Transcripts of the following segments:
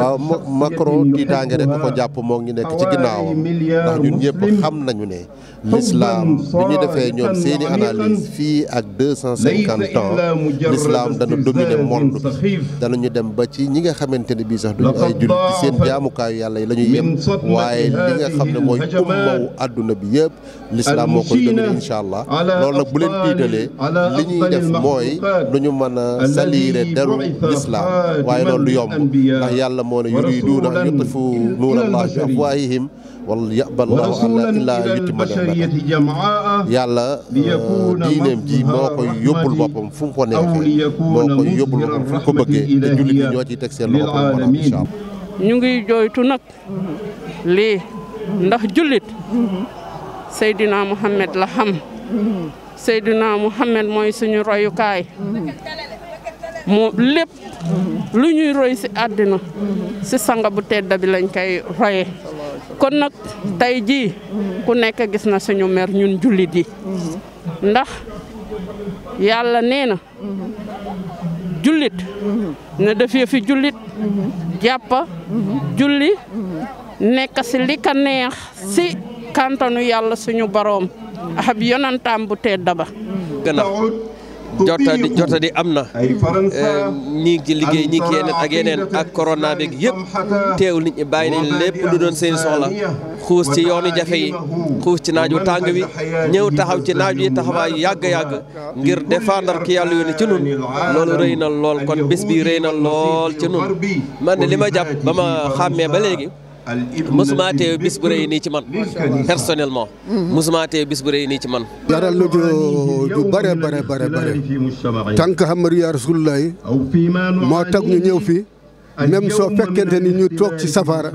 waaw Macron tiitaange rek ko jàpp moo ngi nekk ci ginnaawam ndax ñun ñëpp xam nañu ne l'islam bi ñu defee ñoom seeni analyse fii ak deux cent cinquante ans l'islam dana dominer monde bi ñu dem ba ci ñi nga xamante ne bii sax duñu ay jullit ci seen jaamukaayu yàlla yi la ñuy yem waaye li nga xam ne mooy ummawu adduna bi yëpp l'islam moo ko dominer incha allah loolu nag bu leen tiitalee li ñuy def mooy duñu mën a salire deru l'islam waaye loolu du yomb ndax yàlla يسمون يريدون أن يطفوا نور الله بأفواههم ويأبى الله الله إلا يتم نعمته yàlla diineem ji moo koy yóbbul boppam fu mu ko neexee moo koy yóbbul boppam fu mu ko bëggee te jullit ñi ñoo ciy teg seen loxo kon incha allah. ñu ngi jooytu nag lii ndax jullit Seydina Muhammad la xam Seydina Muhammad mooy suñu royukaay. moo lépp lu ñuy roy ci àddina si sanga bu tedd bi lañ koy roye kon nag tey jii ku nekk gis na suñu mer ñun jullit yi ndax yàlla nee na jullit ne defee fi jullit jàppa julli nekk ci li ka neex si kantanu yàlla suñu boroom ak yonantaam bu tedd ba jottali jottali am na eh, ñii ngi liggéey ñii ngi yeneen ak yeneen ak corona beeg yëpp teewul nit ñi bàyyi nañ lépp lu doon seen soxla xuus ci yoonu jafe yi xuus ci naaju tàng wi ñëw taxaw ci naaj yi taxawaay yàgg-yàgg ngir défendre ki yàlla yónni ci nun loolu rëy na lool kon bés bi rëy na lool ci nun man de li ma jàpp ba ma xàmmee ba léegi mosuma teew bis bu rëy nii ci man personnellement mhm. mosuma teew bis bu rëy nii ci man jaral lu ju bare bare bare bare tànk xam riyaa rasulullahi moo tax ñu ñëw fii même soo fekkente ni ñu toog ci safara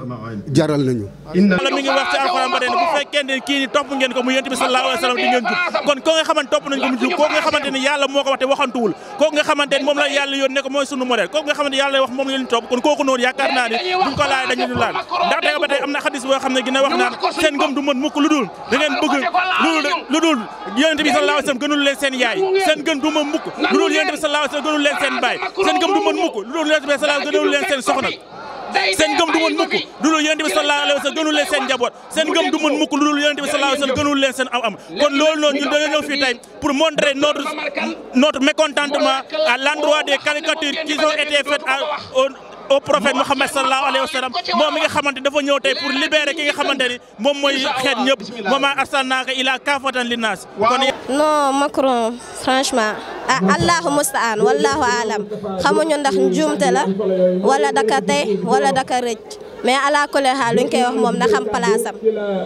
jaral nañu. wala mi ngi wax ci alxuraan ba bu fekkente ni kii ni topp ngeen ko mu yonent bi sallallahu alayhi wa sallam di ngeen jub kon koo nga xamante topp nañ ko mu jub koo nga xamante ni yàlla moo ko wax te waxantuwul koo nga xamante ni moom la yàlla yoon ne ko mooy sunu modèle koo nga xamante yàlla wax moom la ñu topp kon kooku noonu yaakaar naa ni buñ ko laaj dañu ñu laal ndax tey ba tey am na xadis boo xam ne gina wax naan seen ngëm du mën mukk lu dul da ngeen bëgg lu lu dul yonent bi sallallahu alayhi wa sallam gënul leen seen yaay seen ngëm du mën mukk lu dul yonent bi sallallahu alayhi wa sallam gënul leen seen baay seen ngëm du mën mukk lu dul yonent bi sallallahu gënul leen sen seen soxna seen ngëm du mën mukk lu dul yonent bi sallallahu alayhi wa sallam gënul leen sen njaboot sen ngëm du mën mukk lu dul yonent bi sallallahu alayhi wa sallam gënul leen sen am am kon loolu non ñun dañoo ñëw fii tay pour montrer notre notre mécontentement à l'endroit des caricatures qui ont été faites à au prophète Mohammed sallallahu alayhi wa sallam moom mi nga xamante dafa ñëw tay pour libérer ki nga xamante mom moy xet xeet ñëpp mooma arsalnaaka ila kafatan linnaas kon non Macron franchement a ah, allahu mustaan wallahu alam xamuñu ndax njuumte la wala daka tey wala daka rëcc mais ala kulli xaal luñ koy wax moom na xam place am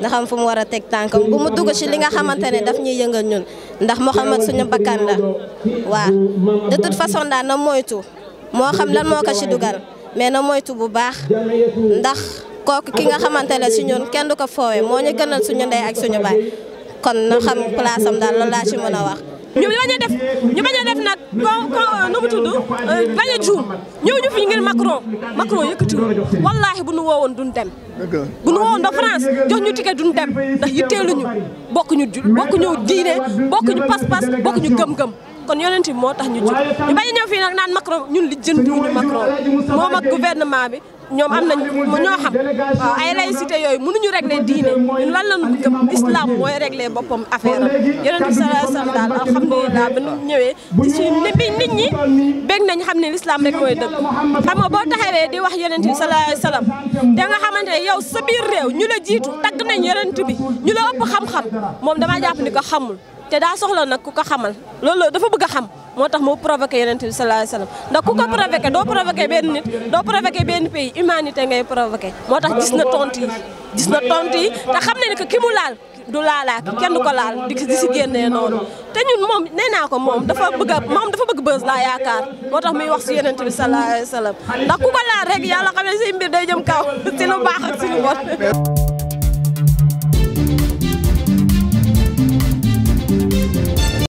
na fu mu war a teg tànkam bu mu dugg ci li nga xamante ne daf ñuy yëngal ñun ndax xam Mouhamed suñu bakkan la waaw de toute façon daal na moytu moo xam lan moo ko ci dugal mais na moytu bu baax ndax kooku ki nga xamante ne ci ñun kenn du ko foowee moo ñu gënal suñu ndey ak suñu baay kon na xam place am daal loolu laa ci mën a wax. ñu bañ def ñu bañ def nag kon kon nu mu tudd euh, bañ a juum ñëw ñu fi ngir Macron Macron yëkkatiwul wallaahi bu nu woowoon duñ dem. bu nu woowoon da France jox ñu ticket duñ dem ndax yitteeluñu bokkuñu ju bokkuñu diine bokkuñu pas-pas bokkuñu gëm-gëm. kon yonent moo tax ñu jóg ñu bañ a fii nag naan Macron ñun li jënduñu Macron moom ak gouvernement bi. ñoom am nañ ñoo xam waaw ay laïcité yooyu mënuñu régler diine ñun lan lañu gëm islam mooy régler boppam affaire am yonent bi sallallahu alayhi wasallam daal alhamdulilah ba nu ñëwee ci suñu ni bi nit ñi bég nañ xam ne l'islam rek mooy dëgg xam nga boo taxawee di wax yonent bi sallallahu alayhi wasallam da nga xamante ne yow sa réew ñu la jiitu tagg nañ yonent bi ñu la ëpp xam-xam moom damaa jàpp ni ko xamul te daa soxla nag ku ka xamal loolu dafa bëgg a xam moo tax mu provoqué yonent bi sallallahu alayhi wasallam ndax ku ko provoqué doo provoqué benn nit doo provoqué benn pays humanité ngay provoqué moo tax gis na tontu yi gis na tontu yi te xam ne que ki mu laal du laalaak kenn du ko laal di di si génnee noonu te ñun moom ne naa ko moom dafa bëgg a moom dafa bëgg bës laa yaakaar moo tax muy wax si yonent bi sallallahu alayhi wasallam ndax ku ko laal rek yàlla xam ne mbir day jëm kaw si lu baax ak